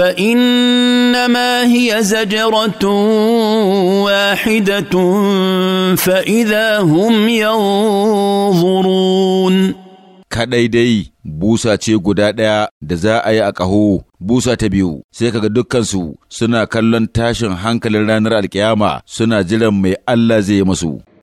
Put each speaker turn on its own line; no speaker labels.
فانما هي زجره واحده
فاذا هم ينظرون kaɗai dai busa ce guda ɗaya da za a yi a ƙaho busa ta biyu sai kaga dukkansu suna kallon tashin hankalin ranar alkiyama suna jiran
mai Allah zai yi masu